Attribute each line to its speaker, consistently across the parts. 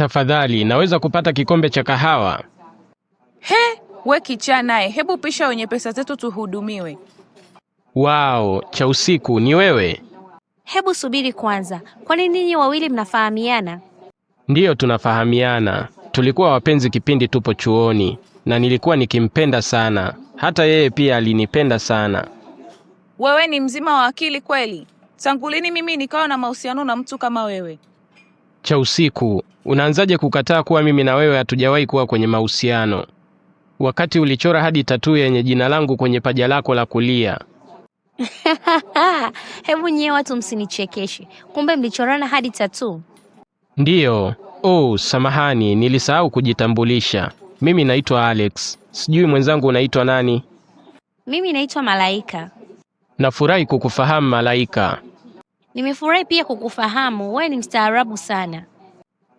Speaker 1: Tafadhali, naweza kupata kikombe cha kahawa?
Speaker 2: He, we kichaa naye, hebu pisha wenye pesa zetu tuhudumiwe.
Speaker 1: Wao, cha usiku ni wewe?
Speaker 3: Hebu subiri kwanza, kwani ninyi wawili mnafahamiana?
Speaker 1: Ndiyo, tunafahamiana. Tulikuwa wapenzi kipindi tupo chuoni, na nilikuwa nikimpenda sana, hata yeye pia alinipenda sana.
Speaker 2: Wewe ni mzima wa akili kweli? Tangu lini mimi nikawa na mahusiano na mtu kama wewe?
Speaker 1: Cha usiku, Unaanzaje kukataa kuwa mimi na wewe hatujawahi kuwa kwenye mahusiano, wakati ulichora hadi tatuu yenye jina langu kwenye paja lako la kulia?
Speaker 3: Hebu nyie watu msinichekeshe, kumbe mlichorana hadi tatuu?
Speaker 1: Ndiyo. Oh, samahani, nilisahau kujitambulisha. Mimi naitwa Alex, sijui mwenzangu unaitwa nani?
Speaker 3: Mimi naitwa Malaika.
Speaker 1: Nafurahi kukufahamu Malaika.
Speaker 3: Nimefurahi pia kukufahamu, wewe ni mstaarabu sana.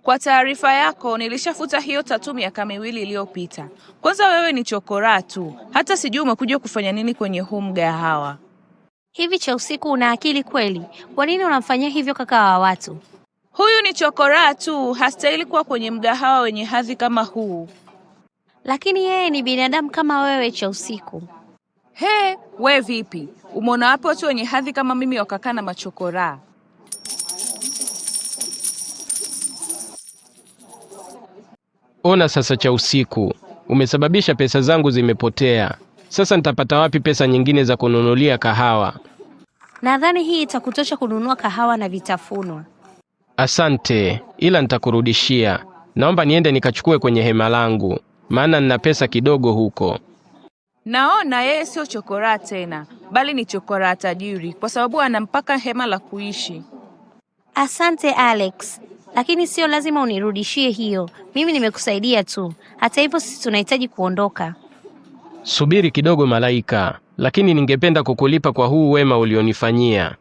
Speaker 2: Kwa taarifa yako, nilishafuta hiyo tatu miaka miwili iliyopita. Kwanza wewe ni chokoraa tu, hata sijui umekuja kufanya nini kwenye huu mgahawa
Speaker 3: hivi. Cha usiku, una akili kweli? Kwa nini unamfanyia hivyo kaka wa watu?
Speaker 2: Huyu ni chokoraa tu, hastahili kuwa kwenye mgahawa wenye hadhi kama huu.
Speaker 3: Lakini yeye ni binadamu kama wewe, cha usiku.
Speaker 2: He, we vipi? Umeona wapo watu wenye hadhi kama mimi wakakaa na machokoraa?
Speaker 1: Ona sasa cha usiku, umesababisha pesa zangu zimepotea. Sasa nitapata wapi pesa nyingine za kununulia kahawa?
Speaker 3: Nadhani hii itakutosha kununua kahawa na vitafunwa.
Speaker 1: Asante, ila nitakurudishia. Naomba niende nikachukue kwenye hema langu, maana nina pesa kidogo huko.
Speaker 2: Naona yeye sio chokora tena, bali ni chokora tajiri, kwa sababu ana mpaka hema la kuishi.
Speaker 3: Asante Alex, lakini sio lazima unirudishie hiyo. Mimi nimekusaidia tu. Hata hivyo, sisi tunahitaji kuondoka.
Speaker 1: Subiri kidogo Malaika, lakini ningependa kukulipa kwa huu wema ulionifanyia.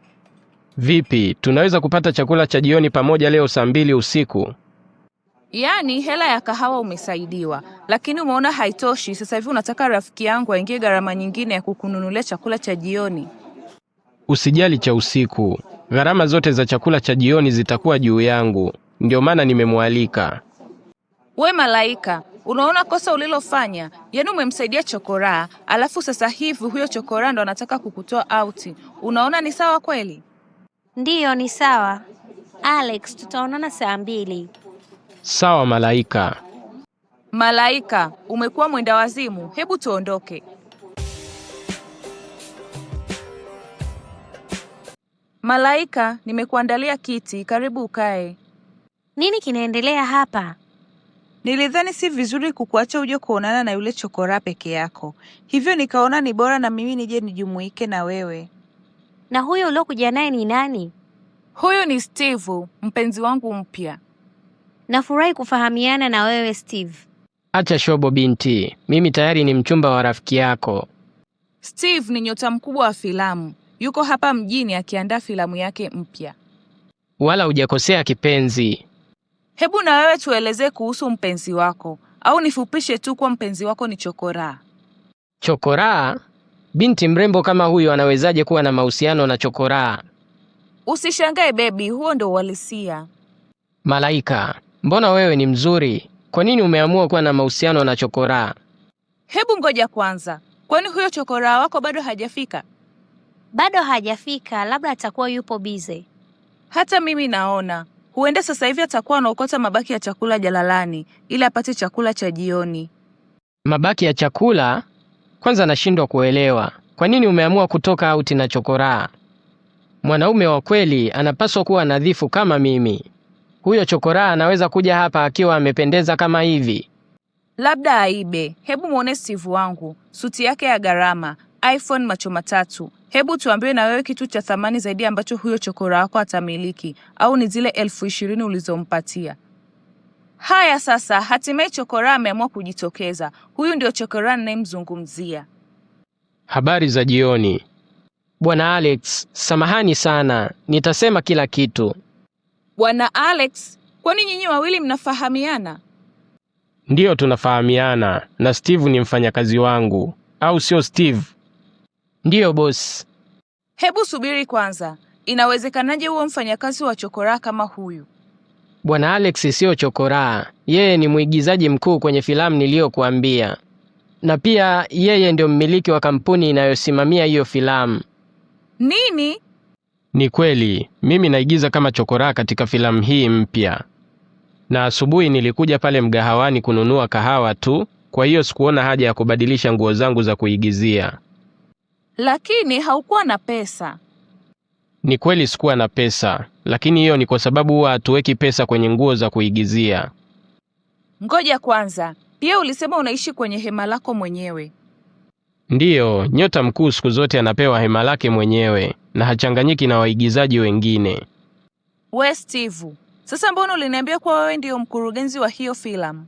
Speaker 1: Vipi, tunaweza kupata chakula cha jioni pamoja leo saa mbili usiku?
Speaker 2: Yaani hela ya kahawa umesaidiwa, lakini umeona haitoshi. Sasa hivi unataka rafiki yangu aingie gharama nyingine ya kukununulia chakula cha jioni?
Speaker 1: Usijali cha usiku, Gharama zote za chakula cha jioni zitakuwa juu yangu, ndio maana nimemwalika.
Speaker 2: We Malaika, unaona kosa ulilofanya? Yaani umemsaidia chokoraa, alafu sasa hivi huyo chokoraa ndo anataka kukutoa auti. Unaona ni sawa kweli?
Speaker 3: Ndiyo, ni sawa. Alex, tutaonana saa mbili.
Speaker 1: Sawa Malaika.
Speaker 2: Malaika, umekuwa mwenda wazimu, hebu tuondoke. Malaika, nimekuandalia kiti, karibu ukae.
Speaker 3: Nini kinaendelea hapa?
Speaker 2: Nilidhani si vizuri kukuacha uje kuonana na yule chokora peke yako, hivyo nikaona ni bora na mimi nije nijumuike na wewe.
Speaker 3: Na huyo uliokuja naye ni nani?
Speaker 2: Huyu ni Steve, mpenzi wangu mpya.
Speaker 3: Nafurahi kufahamiana na wewe Steve.
Speaker 1: Acha shobo binti, mimi tayari ni mchumba wa rafiki yako.
Speaker 2: Steve ni nyota mkubwa wa filamu, yuko hapa mjini akiandaa filamu yake mpya.
Speaker 1: Wala hujakosea kipenzi.
Speaker 2: Hebu na wewe tuelezee kuhusu mpenzi wako, au nifupishe tu kuwa mpenzi wako ni Chokoraa.
Speaker 1: Chokoraa? Binti mrembo kama huyo anawezaje kuwa na mahusiano na Chokoraa?
Speaker 2: Usishangae bebi, huo ndo uhalisia.
Speaker 1: Malaika, mbona wewe ni mzuri? Kwa nini umeamua kuwa na mahusiano na Chokoraa?
Speaker 2: Hebu ngoja kwanza, kwani huyo Chokoraa wako bado hajafika?
Speaker 3: Bado hajafika, labda atakuwa yupo bize.
Speaker 2: Hata mimi naona huenda sasa hivi atakuwa anaokota mabaki ya chakula jalalani ili apate chakula cha jioni.
Speaker 1: Mabaki ya chakula? Kwanza nashindwa kuelewa kwa nini umeamua kutoka auti na chokoraa. Mwanaume wa kweli anapaswa kuwa nadhifu kama mimi. Huyo chokoraa anaweza kuja hapa akiwa amependeza kama hivi?
Speaker 2: Labda aibe. Hebu mwone Steve wangu, suti yake ya gharama, iPhone macho matatu Hebu tuambiwe na wewe kitu cha thamani zaidi ambacho huyo chokora wako atamiliki, au ni zile elfu ishirini ulizompatia. Haya sasa, hatimaye chokora ameamua kujitokeza. Huyu ndio chokora ninayemzungumzia.
Speaker 1: Habari za jioni, Bwana Alex. Samahani sana, nitasema kila kitu.
Speaker 2: Bwana Alex, kwani nyinyi wawili mnafahamiana?
Speaker 1: Ndiyo, tunafahamiana na Steve ni mfanyakazi wangu, au sio Steve?
Speaker 4: Ndiyo bosi.
Speaker 2: Hebu subiri kwanza, inawezekanaje huo mfanyakazi wa chokoraa kama huyu?
Speaker 4: Bwana Alex siyo chokoraa, yeye ni mwigizaji mkuu kwenye filamu niliyokuambia, na pia yeye ndio mmiliki wa kampuni inayosimamia hiyo filamu.
Speaker 2: Nini?
Speaker 1: Ni kweli, mimi naigiza kama chokoraa katika filamu hii mpya, na asubuhi nilikuja pale mgahawani kununua kahawa tu, kwa hiyo sikuona haja ya kubadilisha nguo zangu za kuigizia
Speaker 2: lakini haukuwa na pesa.
Speaker 1: Ni kweli sikuwa na pesa, lakini hiyo ni kwa sababu huwa hatuweki pesa kwenye nguo za kuigizia.
Speaker 2: Ngoja kwanza, pia ulisema unaishi kwenye hema lako mwenyewe.
Speaker 1: Ndiyo, nyota mkuu siku zote anapewa hema lake mwenyewe na hachanganyiki na waigizaji wengine.
Speaker 2: We Steve, sasa mbona uliniambia kuwa wewe ndiyo mkurugenzi wa hiyo filamu?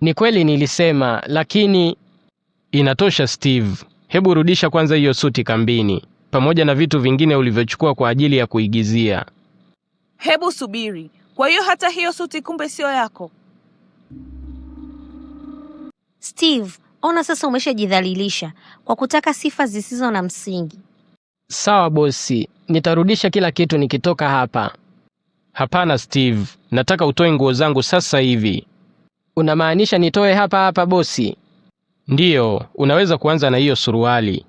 Speaker 1: Ni kweli nilisema, lakini inatosha Steve. Hebu rudisha kwanza hiyo suti kambini, pamoja na vitu vingine ulivyochukua kwa ajili ya kuigizia.
Speaker 2: Hebu subiri, kwa hiyo hata hiyo suti kumbe siyo yako?
Speaker 3: Steve, ona sasa umeshajidhalilisha kwa kutaka sifa zisizo na msingi.
Speaker 4: Sawa bosi, nitarudisha kila kitu nikitoka hapa.
Speaker 1: Hapana Steve, nataka utoe nguo zangu sasa hivi.
Speaker 4: Unamaanisha nitoe hapa hapa bosi?
Speaker 1: Ndiyo, unaweza kuanza na hiyo suruali.